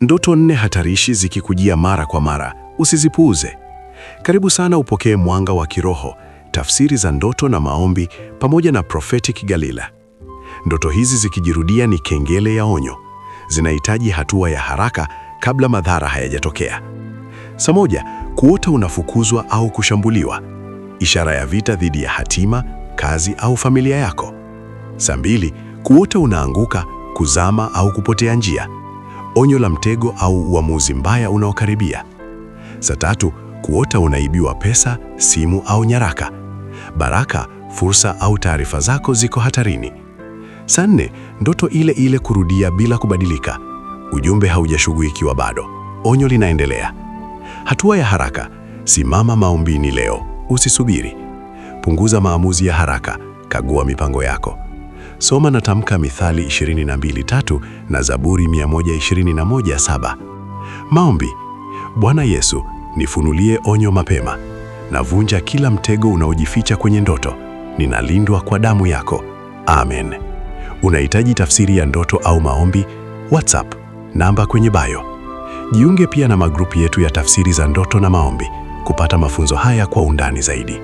Ndoto nne hatarishi zikikujia mara kwa mara, usizipuuze. Karibu sana upokee mwanga wa kiroho, tafsiri za ndoto na maombi pamoja na prophetic Galila. Ndoto hizi zikijirudia ni kengele ya onyo. Zinahitaji hatua ya haraka kabla madhara hayajatokea. Saa moja, kuota unafukuzwa au kushambuliwa, ishara ya vita dhidi ya hatima, kazi au familia yako. Saa mbili, kuota unaanguka, kuzama au kupotea njia onyo la mtego au uamuzi mbaya unaokaribia. Saa tatu, kuota unaibiwa pesa, simu au nyaraka. Baraka, fursa au taarifa zako ziko hatarini. Saa nne, ndoto ile ile kurudia bila kubadilika. Ujumbe haujashughulikiwa bado, onyo linaendelea. Hatua ya haraka: simama maombini leo, usisubiri. Punguza maamuzi ya haraka, kagua mipango yako. Soma na tamka Mithali 22:3 na Zaburi 121:7. Maombi: Bwana Yesu, nifunulie onyo mapema. Navunja kila mtego unaojificha kwenye ndoto. Ninalindwa kwa damu yako. Amen. Unahitaji tafsiri ya ndoto au maombi? WhatsApp namba kwenye bio. Jiunge pia na magrupu yetu ya tafsiri za ndoto na maombi kupata mafunzo haya kwa undani zaidi.